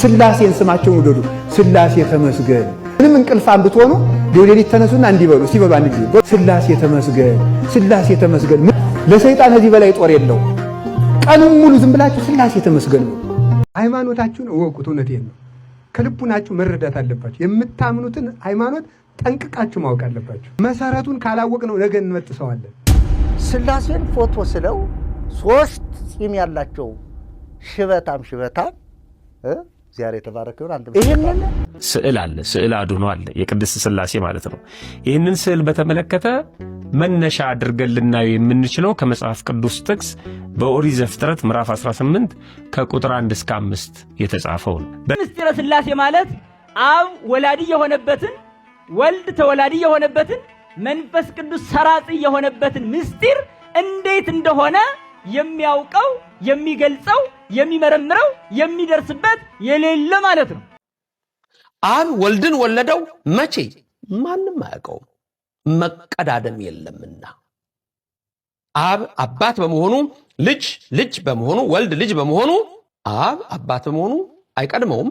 ስላሴን ስማቸውን ውደዱ። ስላሴ ተመስገን። ምንም እንቅልፋን ብትሆኑ ሌሊት ተነሱና እንዲበሉ ሲበሉ አንድ ጊዜ ስላሴ ተመስገን፣ ስላሴ ተመስገን። ለሰይጣን እዚህ በላይ ጦር የለው። ቀኑን ሙሉ ዝም ብላችሁ ስላሴ ተመስገን ነው። ሃይማኖታችሁን እወቁት። እውነቴን ነው። ከልቡናችሁ መረዳት አለባችሁ። የምታምኑትን ሃይማኖት ጠንቅቃችሁ ማወቅ አለባችሁ። መሰረቱን ካላወቅ ነው ነገ እንመጥሰዋለን። ስላሴን ፎቶ ስለው ሶስት ፂም ያላቸው ሽበታም ሽበታም እግዚአብሔር የተባረከ ይሁን። አንድ ይህንን ስዕል አለ ስዕል አድኖ አለ የቅድስት ስላሴ ማለት ነው። ይህንን ስዕል በተመለከተ መነሻ አድርገን ልናየው የምንችለው ከመጽሐፍ ቅዱስ ጥቅስ በኦሪት ዘፍጥረት ምዕራፍ 18 ከቁጥር 1 እስከ 5 የተጻፈው ነው። ምስጢረ ስላሴ ማለት አብ ወላዲ የሆነበትን ወልድ ተወላዲ የሆነበትን መንፈስ ቅዱስ ሰራጽ የሆነበትን ምስጢር እንዴት እንደሆነ የሚያውቀው የሚገልጸው የሚመረምረው የሚደርስበት የሌለ ማለት ነው። አብ ወልድን ወለደው መቼ? ማንም አያውቀውም። መቀዳደም የለምና አብ አባት በመሆኑ ልጅ ልጅ በመሆኑ ወልድ ልጅ በመሆኑ አብ አባት በመሆኑ አይቀድመውም፣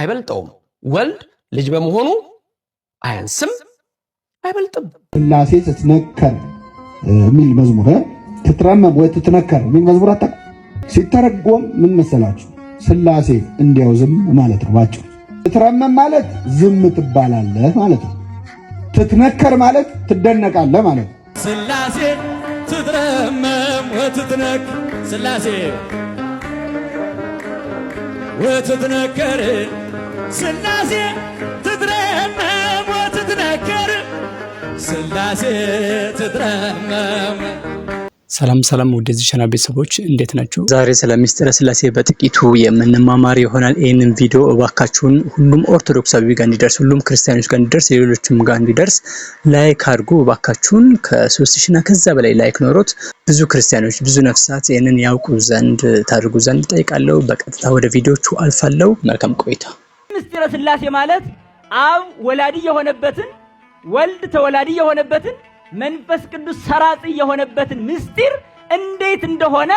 አይበልጠውም። ወልድ ልጅ በመሆኑ አያንስም፣ አይበልጥም። ስላሴ ስትነከር የሚል መዝሙር ትትረመም ወይ ትትነከር የሚል መዝሙር ሲተረጎም ምን መሰላችሁ? ስላሴ እንዲያው ዝም ማለት ነው። ባጭሩ ትትረመም ማለት ዝም ትባላለህ ማለት ነው። ትትነከር ማለት ትደነቃለህ ማለት ነው። ስላሴ ትትረመም ወትትነክ ስላሴ ወትትነከር ስላሴ ትትረመም ወትትነከር ስላሴ ትትረመም ሰላም ሰላም ወደዚህ ቻናል ቤተሰቦች እንዴት ናችሁ? ዛሬ ስለ ምስጢረ ስላሴ በጥቂቱ የምንማማር ይሆናል። ይህንን ቪዲዮ እባካችሁን ሁሉም ኦርቶዶክሳዊ ጋር እንዲደርስ፣ ሁሉም ክርስቲያኖች ጋር እንዲደርስ፣ የሌሎችም ጋር እንዲደርስ ላይክ አድርጉ እባካችሁን። ከሶስት ሺና ከዛ በላይ ላይክ ኖሮት ብዙ ክርስቲያኖች ብዙ ነፍሳት ይህንን ያውቁ ዘንድ ታድርጉ ዘንድ ጠይቃለሁ። በቀጥታ ወደ ቪዲዮቹ አልፋለሁ። መልካም ቆይታ። ምስጢረ ስላሴ ማለት አብ ወላድ የሆነበትን ወልድ ተወላድ የሆነበትን መንፈስ ቅዱስ ሰራጺ የሆነበትን ምስጢር እንዴት እንደሆነ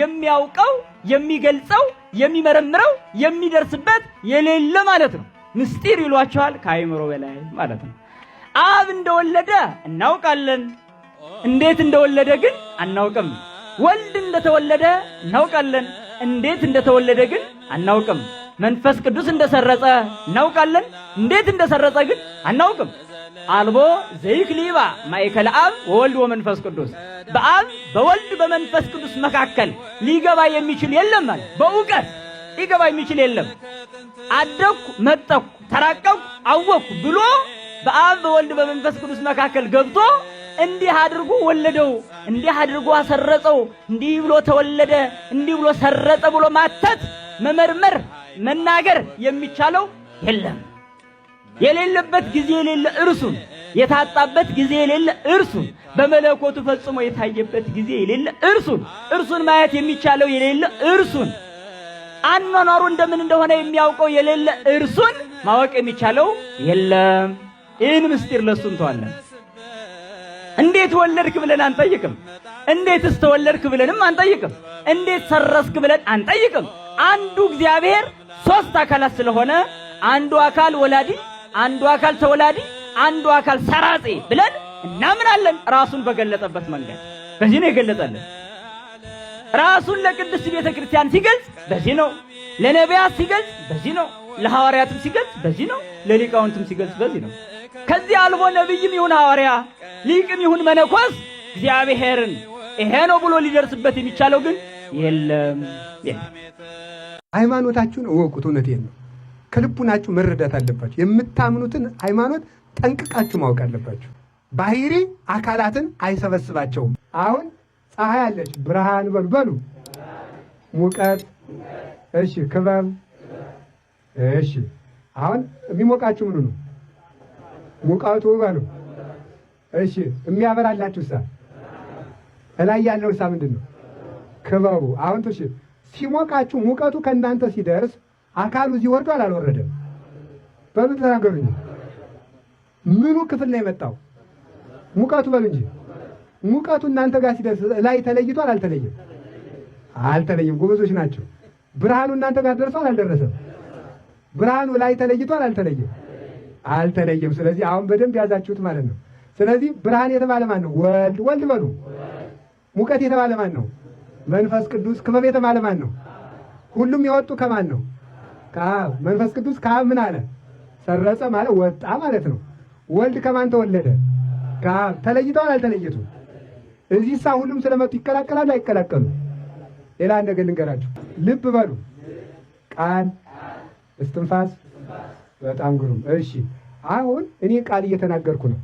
የሚያውቀው የሚገልጸው የሚመረምረው የሚደርስበት የሌለ ማለት ነው። ምስጢር ይሏቸዋል ከአይምሮ በላይ ማለት ነው። አብ እንደወለደ እናውቃለን፣ እንዴት እንደወለደ ግን አናውቅም። ወልድ እንደተወለደ እናውቃለን፣ እንዴት እንደተወለደ ግን አናውቅም። መንፈስ ቅዱስ እንደሰረጸ እናውቃለን፣ እንዴት እንደሰረጸ ግን አናውቅም። አልቦ ዘይክሊባ ማይከል አብ ወወልድ ወመንፈስ ቅዱስ በአብ በወልድ በመንፈስ ቅዱስ መካከል ሊገባ የሚችል የለም ማለት በእውቀት ሊገባ የሚችል የለም። አደኩ፣ መጠኩ፣ ተራቀኩ፣ አወኩ ብሎ በአብ በወልድ በመንፈስ ቅዱስ መካከል ገብቶ እንዲህ አድርጎ ወለደው፣ እንዲህ አድርጎ አሰረጸው፣ እንዲህ ብሎ ተወለደ፣ እንዲህ ብሎ ሰረጸ ብሎ ማተት መመርመር መናገር የሚቻለው የለም። የሌለበት ጊዜ የሌለ እርሱን የታጣበት ጊዜ የሌለ እርሱን በመለኮቱ ፈጽሞ የታየበት ጊዜ የሌለ እርሱን እርሱን ማየት የሚቻለው የሌለ እርሱን አኗኗሩ እንደምን እንደሆነ የሚያውቀው የሌለ እርሱን ማወቅ የሚቻለው የለም። ይህን ምስጢር ለሱ እንተዋለን። እንዴት ወለድክ ብለን አንጠይቅም። እንዴትስ ተወለድክ ብለንም አንጠይቅም። እንዴት ሰረስክ ብለን አንጠይቅም። አንዱ እግዚአብሔር ሶስት አካላት ስለሆነ አንዱ አካል ወላዲ አንዱ አካል ተወላዲ፣ አንዱ አካል ሰራጼ ብለን እናምናለን። ራሱን በገለጠበት መንገድ በዚህ ነው የገለጠልን። ራሱን ለቅድስት ቤተ ክርስቲያን ሲገልጽ በዚህ ነው፣ ለነቢያት ሲገልጽ በዚህ ነው፣ ለሐዋርያትም ሲገልጽ በዚህ ነው፣ ለሊቃውንትም ሲገልጽ በዚህ ነው። ከዚህ አልፎ ነቢይም ይሁን ሐዋርያ ሊቅም ይሁን መነኮስ እግዚአብሔርን ይሄ ነው ብሎ ሊደርስበት የሚቻለው ግን የለም። ሃይማኖታችሁን እወቁት። እውነቴን ነው። ከልቡናችሁ መረዳት አለባችሁ። የምታምኑትን ሃይማኖት ጠንቅቃችሁ ማወቅ አለባችሁ። ባህሪ አካላትን አይሰበስባቸውም። አሁን ፀሐይ አለች፣ ብርሃን በሉ በሉ፣ ሙቀት፣ እሺ፣ ክበብ፣ እሺ። አሁን የሚሞቃችሁ ምኑ ነው? ሙቀቱ በሉ እሺ። የሚያበራላችሁ ሳ እላይ ያለው ሳ ምንድን ነው? ክበቡ። አሁን ሲሞቃችሁ ሙቀቱ ከእናንተ ሲደርስ አካሉ እዚህ ወርዷል አልወረደም? ተናገሩ ተናገሩኝ። ምኑ ክፍል ነው የመጣው? ሙቀቱ በሉ እንጂ ሙቀቱ እናንተ ጋር ሲደርስ ላይ ተለይቷል አልተለየም? አልተለየም። ጎበዞች ናቸው። ብርሃኑ እናንተ ጋር ደርሷል አልደረሰም? ብርሃኑ ላይ ተለይቷል አልተለየም? አልተለየም። ስለዚህ አሁን በደንብ ያዛችሁት ማለት ነው። ስለዚህ ብርሃን የተባለ ማን ነው? ወልድ ወልድ በሉ። ሙቀት የተባለ ማን ነው? መንፈስ ቅዱስ። ክበብ የተባለ ማን ነው? ሁሉም የወጡ ከማን ነው? ከአብ መንፈስ ቅዱስ ከአብ ምን አለ ሰረጸ ማለት ወጣ ማለት ነው። ወልድ ከማን ተወለደ? ከአብ ተለይተዋል። አልተለየቱም። እዚህ ሳ ሁሉም ስለመጡ ይቀላቀላሉ አይቀላቀሉ? ሌላ ነገር ልንገራችሁ፣ ልብ በሉ። ቃል እስትንፋስ፣ በጣም ግሩም። እሺ አሁን እኔ ቃል እየተናገርኩ ነው።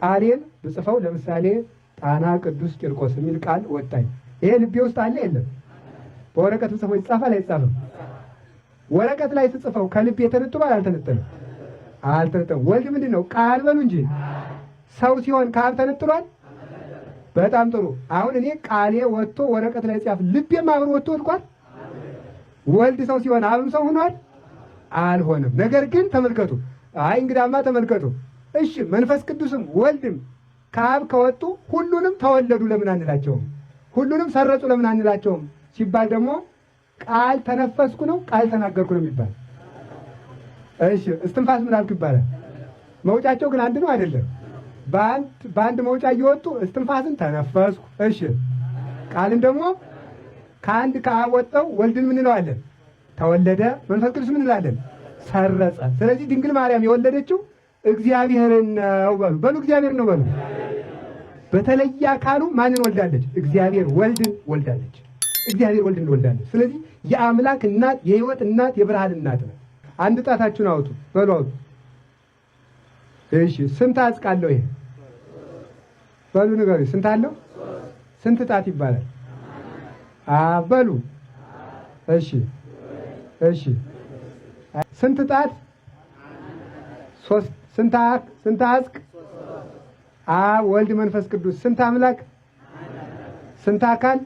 ቃሌን ብጽፈው ለምሳሌ ጣና ቅዱስ ቂርቆስ የሚል ቃል ወጣኝ። ይሄ ልቤ ውስጥ አለ የለም? በወረቀት ብጽፈው ይጻፋል አይጻፍም? ወረቀት ላይ ስጽፈው ከልብ የተነጥሏል? አልተነጠለም። አልተነጠለም። ወልድ ምንድን ነው? ቃል በሉ እንጂ ሰው ሲሆን ከአብ ተነጥሏል? በጣም ጥሩ። አሁን እኔ ቃሌ ወጥቶ ወረቀት ላይ ጽፍ ልቤም አብሮ ወጥቶ ወድቋል? ወልድ ሰው ሲሆን አብም ሰው ሆኗል? አልሆነም። ነገር ግን ተመልከቱ። አይ እንግዳማ ተመልከቱ። እሺ መንፈስ ቅዱስም ወልድም ከአብ ከወጡ ሁሉንም ተወለዱ ለምን አንላቸውም? ሁሉንም ሰረጹ ለምን አንላቸውም ሲባል ደግሞ ቃል ተነፈስኩ ነው ቃል ተናገርኩ ነው የሚባል። እሺ እስትንፋስ ምን አልኩ ይባላል። መውጫቸው ግን አንድ ነው አይደለም። በአንድ መውጫ እየወጡ እስትንፋስን ተነፈስኩ። እሺ ቃልን ደግሞ ከአንድ ከአብ ወጠው ወልድን ምን እንለዋለን? ተወለደ። መንፈስ ቅዱስ ምን እንላለን? ሰረጸ። ስለዚህ ድንግል ማርያም የወለደችው እግዚአብሔርን ነው በሉ። በሉ እግዚአብሔር ነው በሉ። በተለየ አካሉ ማንን ወልዳለች? እግዚአብሔር ወልድን ወልዳለች። እግዚአብሔር ወልድ እንወልዳለን። ስለዚህ የአምላክ እናት የህይወት እናት የብርሃን እናት ነው። አንድ ጣታችሁን አውጡ፣ በሉ አውጡ። እሺ ስንት አጽቃለሁ? ይሄ በሉ ንገሩ። ስንት አለው? ስንት ጣት ይባላል? በሉ እሺ፣ እሺ። ስንት ጣት? ሶስት። ስንት ስንት አጽቅ? አ ወልድ መንፈስ ቅዱስ። ስንት አምላክ? ስንት አካል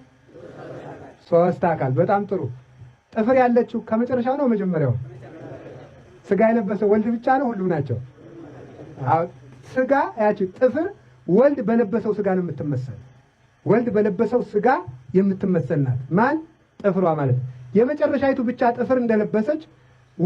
ሶስት አካል። በጣም ጥሩ። ጥፍር ያለችው ከመጨረሻው ነው መጀመሪያው? ስጋ የለበሰ ወልድ ብቻ ነው ሁሉም ናቸው? ስጋ ያቺ ጥፍር ወልድ በለበሰው ስጋ ነው የምትመሰል። ወልድ በለበሰው ስጋ የምትመሰል ናት። ማን ጥፍሯ ማለት ነው። የመጨረሻይቱ ብቻ ጥፍር እንደለበሰች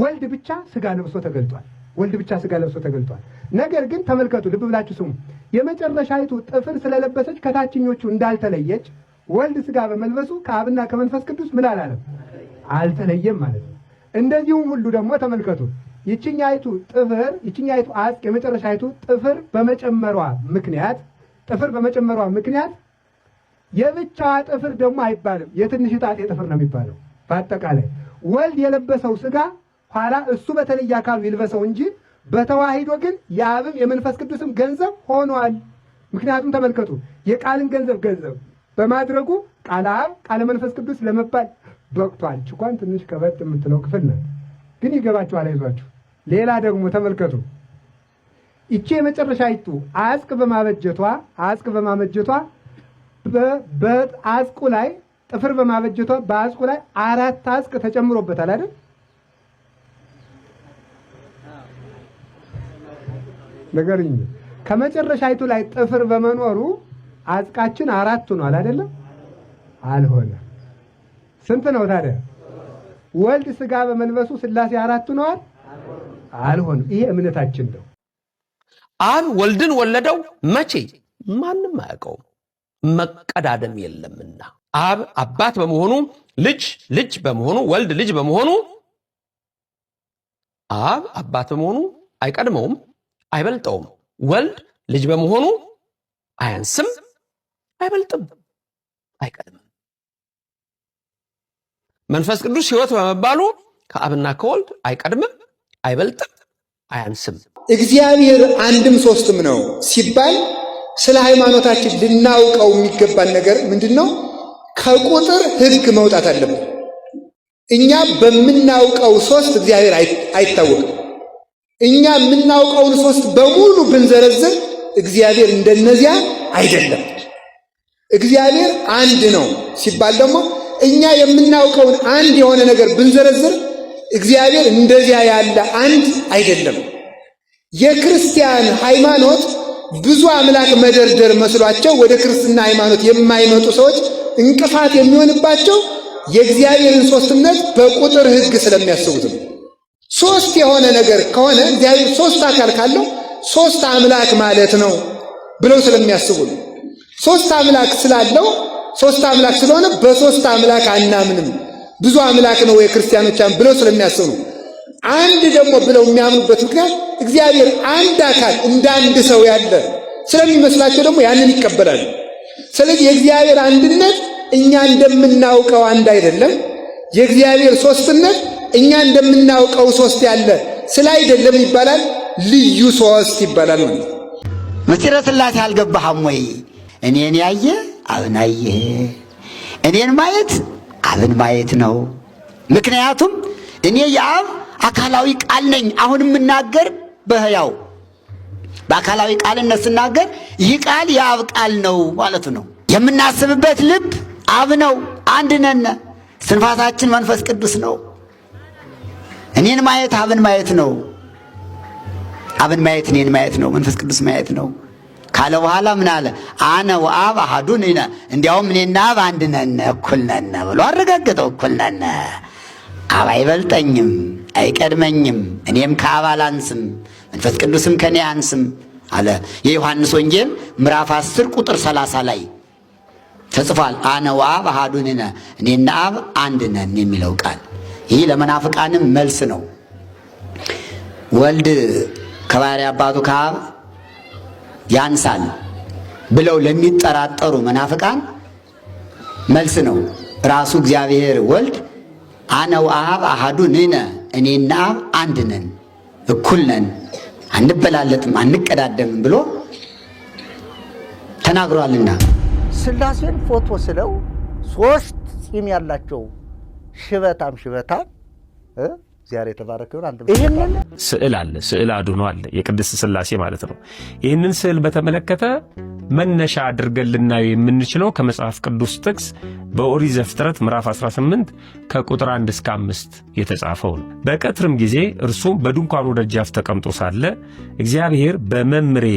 ወልድ ብቻ ስጋ ለብሶ ተገልጧል። ወልድ ብቻ ስጋ ለብሶ ተገልጧል። ነገር ግን ተመልከቱ፣ ልብ ብላችሁ ስሙ። የመጨረሻይቱ ጥፍር ስለለበሰች ከታችኞቹ እንዳልተለየች ወልድ ስጋ በመልበሱ ከአብና ከመንፈስ ቅዱስ ምን አላለም? አልተለየም ማለት ነው። እንደዚሁም ሁሉ ደግሞ ተመልከቱ፣ ይችኛይቱ ጥፍር ይችኛይቱ አጽ የመጨረሻይቱ ጥፍር በመጨመሯ ምክንያት ጥፍር በመጨመሯ ምክንያት የብቻዋ ጥፍር ደግሞ አይባልም፣ የትንሽ ጣጤ ጥፍር ነው የሚባለው። በአጠቃላይ ወልድ የለበሰው ስጋ ኋላ እሱ በተለየ አካሉ ይልበሰው እንጂ በተዋሂዶ ግን የአብም የመንፈስ ቅዱስም ገንዘብ ሆኗል። ምክንያቱም ተመልከቱ የቃልን ገንዘብ ገንዘብ በማድረጉ ቃለ አብ ቃለ መንፈስ ቅዱስ ለመባል በቅቷል። ችኳን ትንሽ ከበድ የምትለው ክፍል ነው፣ ግን ይገባችኋል። አይዟችሁ። ሌላ ደግሞ ተመልከቱ። ይቺ የመጨረሻይቱ አስቅ በማበጀቷ አስቅ በማበጀቷ በአስቁ ላይ ጥፍር በማበጀቷ በአስቁ ላይ አራት አስቅ ተጨምሮበታል አይደል? ከመጨረሻ ይቱ ላይ ጥፍር በመኖሩ አጥቃችን አራት ሆኗል አይደለም? አልሆነ ስንት ነው ታዲያ? ወልድ ስጋ በመልበሱ ስላሴ አራት ሆኗል አልሆንም። ይሄ እምነታችን ነው። አብ ወልድን ወለደው መቼ? ማንም አያውቀውም። መቀዳደም የለምና አብ አባት በመሆኑ ልጅ ልጅ በመሆኑ ወልድ ልጅ በመሆኑ አብ አባት በመሆኑ አይቀድመውም፣ አይበልጠውም። ወልድ ልጅ በመሆኑ አያንስም አይበልጥም፣ አይቀድምም። መንፈስ ቅዱስ ህይወት በመባሉ ከአብና ከወልድ አይቀድምም፣ አይበልጥም፣ አያንስም። እግዚአብሔር አንድም ሶስትም ነው ሲባል ስለ ሃይማኖታችን ልናውቀው የሚገባን ነገር ምንድን ነው? ከቁጥር ህግ መውጣት አለብን። እኛ በምናውቀው ሶስት እግዚአብሔር አይታወቅም። እኛ የምናውቀውን ሶስት በሙሉ ብንዘረዝር እግዚአብሔር እንደነዚያ አይደለም። እግዚአብሔር አንድ ነው ሲባል ደግሞ እኛ የምናውቀውን አንድ የሆነ ነገር ብንዘረዝር እግዚአብሔር እንደዚያ ያለ አንድ አይደለም። የክርስቲያን ሃይማኖት ብዙ አምላክ መደርደር መስሏቸው ወደ ክርስትና ሃይማኖት የማይመጡ ሰዎች እንቅፋት የሚሆንባቸው የእግዚአብሔርን ሶስትነት በቁጥር ሕግ ስለሚያስቡት ነው። ሶስት የሆነ ነገር ከሆነ እግዚአብሔር ሶስት አካል ካለው ሶስት አምላክ ማለት ነው ብለው ስለሚያስቡ ነው። ሶስት አምላክ ስላለው ሶስት አምላክ ስለሆነ በሶስት አምላክ አናምንም ብዙ አምላክ ነው የክርስቲያኖቻን ብለው ስለሚያስቡ አንድ ደግሞ ብለው የሚያምኑበት ምክንያት እግዚአብሔር አንድ አካል እንደ አንድ ሰው ያለ ስለሚመስላቸው ደግሞ ያንን ይቀበላሉ። ስለዚህ የእግዚአብሔር አንድነት እኛ እንደምናውቀው አንድ አይደለም። የእግዚአብሔር ሶስትነት እኛ እንደምናውቀው ሶስት ያለ ስለ አይደለም ይባላል። ልዩ ሶስት ይባላል ማለት ነው። ምስጢረ አልገባህም ወይ? እኔን ያየ አብን አየ። እኔን ማየት አብን ማየት ነው። ምክንያቱም እኔ የአብ አካላዊ ቃል ነኝ። አሁን የምናገር በህያው በአካላዊ ቃልነት ስናገር ይህ ቃል የአብ ቃል ነው ማለት ነው። የምናስብበት ልብ አብ ነው። አንድ ነነ ስንፋሳችን መንፈስ ቅዱስ ነው። እኔን ማየት አብን ማየት ነው። አብን ማየት እኔን ማየት ነው። መንፈስ ቅዱስ ማየት ነው። ካለ በኋላ ምን አለ? አነ ወአብ አሐዱን ነ እንዲያውም እኔና አብ አንድ ነን እኩል ነን ብሎ አረጋግጠው እኩል ነን፣ አብ አይበልጠኝም፣ አይቀድመኝም፣ እኔም ከአብ አላንስም፣ መንፈስ ቅዱስም ከእኔ አንስም አለ። የዮሐንስ ወንጌል ምዕራፍ 10 ቁጥር 30 ላይ ተጽፏል። አነ ወአብ አሐዱን ነ እኔና አብ አንድ ነን የሚለው ቃል ይህ ለመናፍቃንም መልስ ነው። ወልድ ከባሕርይ አባቱ ከአብ ያንሳል ብለው ለሚጠራጠሩ መናፍቃን መልስ ነው። ራሱ እግዚአብሔር ወልድ አነ ወአብ አሃዱ ንነ እኔና አብ አንድ ነን፣ እኩል ነን፣ አንበላለጥም፣ አንቀዳደምም ብሎ ተናግሯልና ስላሴን ፎቶ ስለው ሶስት ፂም ያላቸው ሽበታም ሽበታም እግዚአብሔር የተባረከ ይሁን። ይሄንን ስዕል አለ ስዕል አድኖ አለ የቅድስት ስላሴ ማለት ነው። ይህንን ስዕል በተመለከተ መነሻ አድርገን ልናየው የምንችለው ከመጽሐፍ ቅዱስ ጥቅስ በኦሪት ዘፍጥረት ምዕራፍ 18 ከቁጥር 1 እስከ 5 የተጻፈው ነው። በቀትርም ጊዜ እርሱም በድንኳኑ ደጃፍ ተቀምጦ ሳለ እግዚአብሔር በመምሬ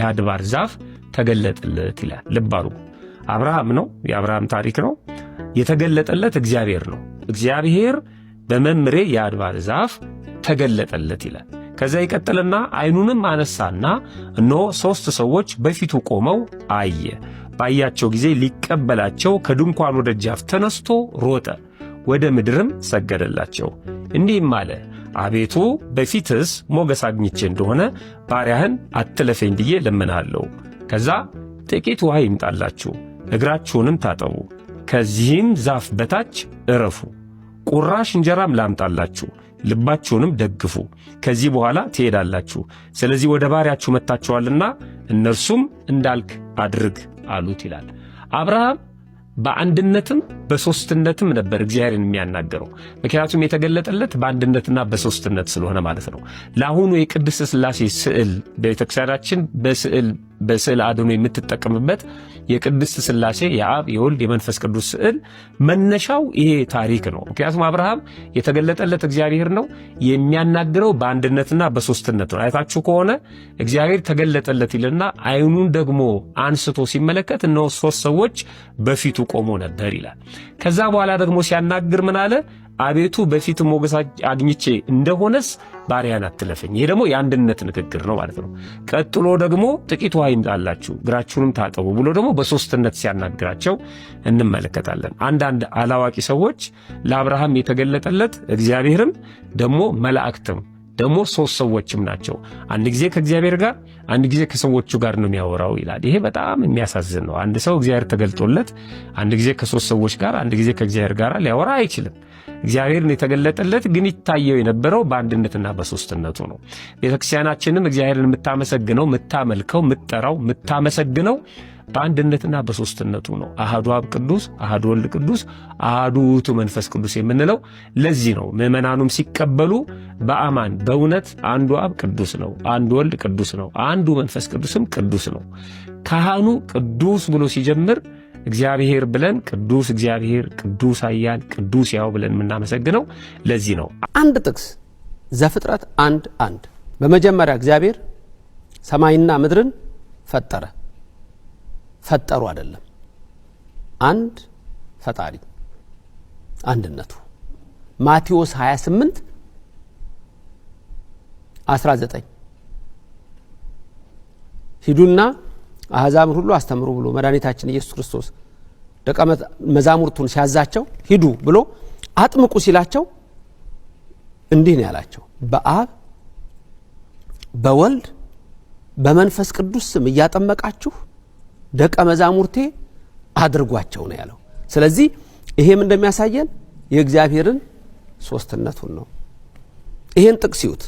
የአድባር ዛፍ ተገለጠለት ይላል። ልባሩ አብርሃም ነው፣ የአብርሃም ታሪክ ነው። የተገለጠለት እግዚአብሔር ነው። እግዚአብሔር በመምሬ የአድባር ዛፍ ተገለጠለት ይላል። ከዚያ ይቀጥልና ዓይኑንም አነሳና እነሆ ሦስት ሰዎች በፊቱ ቆመው አየ። ባያቸው ጊዜ ሊቀበላቸው ከድንኳኑ ደጃፍ ተነስቶ ሮጠ፣ ወደ ምድርም ሰገደላቸው። እንዲህም አለ፣ አቤቱ በፊትስ ሞገስ አግኝቼ እንደሆነ ባሪያህን አትለፈኝ ብዬ ለምናለሁ። ከዛ ጥቂት ውሃ ይምጣላችሁ፣ እግራችሁንም ታጠቡ፣ ከዚህም ዛፍ በታች እረፉ ቁራሽ እንጀራም ላምጣላችሁ፣ ልባችሁንም ደግፉ፣ ከዚህ በኋላ ትሄዳላችሁ። ስለዚህ ወደ ባሪያችሁ መጥታችኋልና እነርሱም እንዳልክ አድርግ አሉት ይላል። አብርሃም በአንድነትም በሶስትነትም ነበር እግዚአብሔርን የሚያናገረው። ምክንያቱም የተገለጠለት በአንድነትና በሶስትነት ስለሆነ ማለት ነው። ለአሁኑ የቅድስት ሥላሴ ስዕል በቤተክርስቲያናችን በስዕል በስዕል አድኖ የምትጠቀምበት የቅድስት ስላሴ የአብ የወልድ የመንፈስ ቅዱስ ስዕል መነሻው ይሄ ታሪክ ነው። ምክንያቱም አብርሃም የተገለጠለት እግዚአብሔር ነው የሚያናግረው በአንድነትና በሶስትነት ነው። አይታችሁ ከሆነ እግዚአብሔር ተገለጠለት ይልና አይኑን ደግሞ አንስቶ ሲመለከት እነሆ ሶስት ሰዎች በፊቱ ቆሞ ነበር ይላል። ከዛ በኋላ ደግሞ ሲያናግር ምን አለ? አቤቱ በፊት ሞገስ አግኝቼ እንደሆነስ ባሪያን አትለፈኝ። ይሄ ደግሞ የአንድነት ንግግር ነው ማለት ነው። ቀጥሎ ደግሞ ጥቂት ውሃ ይምጣላችሁ እግራችሁንም ታጠቡ ብሎ ደግሞ በሶስትነት ሲያናግራቸው እንመለከታለን። አንዳንድ አላዋቂ ሰዎች ለአብርሃም የተገለጠለት እግዚአብሔርም ደግሞ መላእክትም ደግሞ ሶስት ሰዎችም ናቸው። አንድ ጊዜ ከእግዚአብሔር ጋር፣ አንድ ጊዜ ከሰዎቹ ጋር ነው የሚያወራው ይላል። ይሄ በጣም የሚያሳዝን ነው። አንድ ሰው እግዚአብሔር ተገልጦለት አንድ ጊዜ ከሶስት ሰዎች ጋር፣ አንድ ጊዜ ከእግዚአብሔር ጋር ሊያወራ አይችልም። እግዚአብሔርን የተገለጠለት ግን ይታየው የነበረው በአንድነትና በሶስትነቱ ነው። ቤተክርስቲያናችንም እግዚአብሔርን የምታመሰግነው፣ የምታመልከው፣ የምትጠራው፣ የምታመሰግነው በአንድነትና በሶስትነቱ ነው። አህዱ አብ ቅዱስ፣ አህዱ ወልድ ቅዱስ፣ አህዱ ውእቱ መንፈስ ቅዱስ የምንለው ለዚህ ነው። ምዕመናኑም ሲቀበሉ በአማን በእውነት አንዱ አብ ቅዱስ ነው፣ አንዱ ወልድ ቅዱስ ነው፣ አንዱ መንፈስ ቅዱስም ቅዱስ ነው። ካህኑ ቅዱስ ብሎ ሲጀምር እግዚአብሔር ብለን ቅዱስ እግዚአብሔር፣ ቅዱስ አያል ቅዱስ ያው ብለን የምናመሰግነው ለዚህ ነው። አንድ ጥቅስ ዘፍጥረት አንድ አንድ በመጀመሪያ እግዚአብሔር ሰማይና ምድርን ፈጠረ። ፈጠሩ አይደለም አንድ ፈጣሪ አንድነቱ ማቴዎስ 28 19 ሂዱና አሕዛብን ሁሉ አስተምሩ ብሎ መድኃኒታችን ኢየሱስ ክርስቶስ ደቀ መዛሙርቱን ሲያዛቸው ሂዱ ብሎ አጥምቁ ሲላቸው እንዲህ ነው ያላቸው በአብ በወልድ በመንፈስ ቅዱስ ስም እያጠመቃችሁ ደቀ መዛሙርቴ አድርጓቸው ነው ያለው። ስለዚህ ይሄም እንደሚያሳየን የእግዚአብሔርን ሶስትነቱን ነው። ይሄን ጥቅስ ይዩት።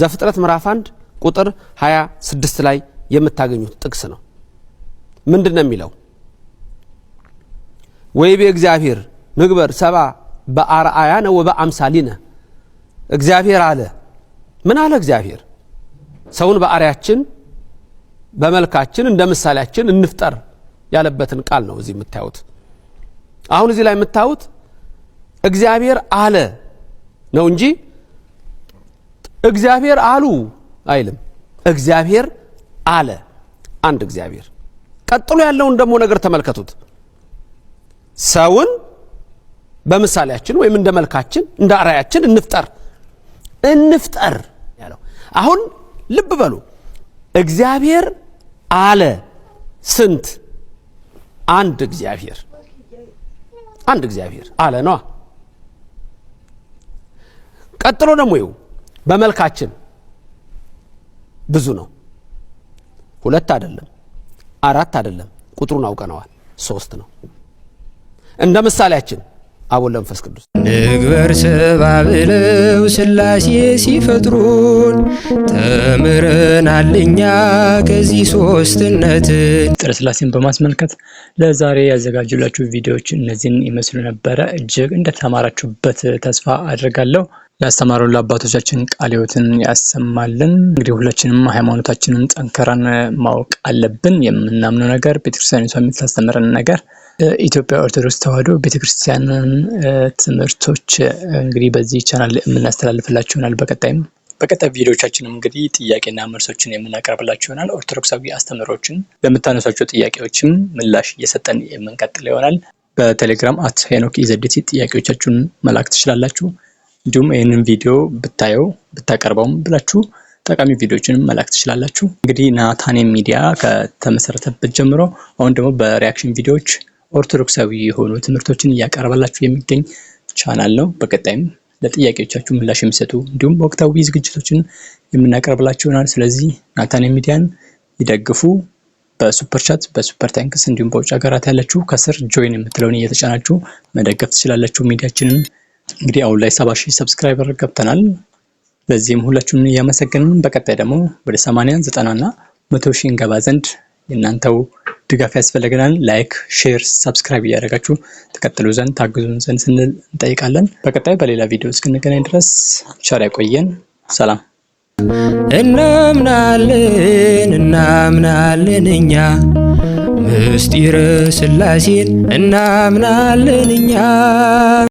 ዘፍጥረት ምዕራፍ አንድ ቁጥር 26 ላይ የምታገኙት ጥቅስ ነው። ምንድን ነው የሚለው? ወይቤ እግዚአብሔር ምግበር ሰባ በአርአያነ ወበአምሳሊነ እግዚአብሔር አለ። ምን አለ እግዚአብሔር? ሰውን በአርያችን በመልካችን እንደ ምሳሌያችን እንፍጠር ያለበትን ቃል ነው እዚህ የምታዩት። አሁን እዚህ ላይ የምታዩት እግዚአብሔር አለ ነው እንጂ እግዚአብሔር አሉ አይልም። እግዚአብሔር አለ አንድ እግዚአብሔር። ቀጥሎ ያለውን ደግሞ ነገር ተመልከቱት። ሰውን በምሳሌያችን ወይም እንደ መልካችን እንደ አራያችን እንፍጠር እንፍጠር ያለው አሁን ልብ በሉ። እግዚአብሔር አለ ስንት? አንድ እግዚአብሔር አንድ እግዚአብሔር አለ ነዋ። ቀጥሎ ደግሞ ይኸው በመልካችን ብዙ ነው ሁለት አይደለም፣ አራት አይደለም፣ ቁጥሩን አውቀነዋል። ሶስት ነው እንደ ምሳሌያችን አቡነ መንፈስ ቅዱስ ንግበር ሰብአ ብለው ሥላሴ ሲፈጥሩን ተምረናልኛ ከዚህ ሶስትነት ጥረ ስላሴን በማስመልከት ለዛሬ ያዘጋጁላችሁ ቪዲዮዎች እነዚህን ይመስሉ ነበረ። እጅግ እንደተማራችሁበት ተስፋ አድርጋለሁ። ያስተማሩን ለአባቶቻችን ቃለ ሕይወትን ያሰማልን። እንግዲህ ሁላችንም ሃይማኖታችንን ጠንከረን ማወቅ አለብን። የምናምነው ነገር ቤተክርስቲያኒቷ የምታስተምረን ነገር ኢትዮጵያ ኦርቶዶክስ ተዋህዶ ቤተክርስቲያንን ትምህርቶች እንግዲህ በዚህ ቻናል የምናስተላልፍላችሁ ይሆናል። በቀጣይም በቀጣይ ቪዲዮዎቻችንም እንግዲህ ጥያቄና መልሶችን የምናቀርብላችሁ ይሆናል። ኦርቶዶክሳዊ አስተምህሮችን ለምታነሷቸው ጥያቄዎችም ምላሽ እየሰጠን የምንቀጥል ይሆናል። በቴሌግራም አት ሄኖክ ኢዘዲቲ ጥያቄዎቻችሁን መላክ ትችላላችሁ። እንዲሁም ይህንን ቪዲዮ ብታየው ብታቀርበውም ብላችሁ ጠቃሚ ቪዲዮችን መላክ ትችላላችሁ። እንግዲህ ናታኔ ሚዲያ ከተመሰረተበት ጀምሮ አሁን ደግሞ በሪያክሽን ቪዲዮዎች ኦርቶዶክሳዊ የሆኑ ትምህርቶችን እያቀረበላችሁ የሚገኝ ቻናል ነው። በቀጣይም ለጥያቄዎቻችሁ ምላሽ የሚሰጡ እንዲሁም ወቅታዊ ዝግጅቶችን የምናቀርብላችሁ ይሆናል። ስለዚህ ናታን ሚዲያን ይደግፉ። በሱፐር ቻት፣ በሱፐር ታንክስ እንዲሁም በውጭ ሀገራት ያላችሁ ከስር ጆይን የምትለውን እየተጫናችሁ መደገፍ ትችላላችሁ። ሚዲያችንን እንግዲህ አሁን ላይ ሰባ ሺህ ሰብስክራይበር ገብተናል። ለዚህም ሁላችሁን እያመሰገንን በቀጣይ ደግሞ ወደ ሰማንያ ዘጠናና መቶ ሺህ እንገባ ዘንድ የእናንተው ድጋፍ ያስፈልገናል። ላይክ፣ ሼር፣ ሳብስክራይብ እያደረጋችሁ ተከትሉ ዘንድ ታግዙን ዘንድ ስንል እንጠይቃለን። በቀጣይ በሌላ ቪዲዮ እስክንገናኝ ድረስ ቸር ያቆየን። ሰላም። እናምናለን እናምናለን እኛ ምስጢረ ሥላሴን እናምናለን እኛ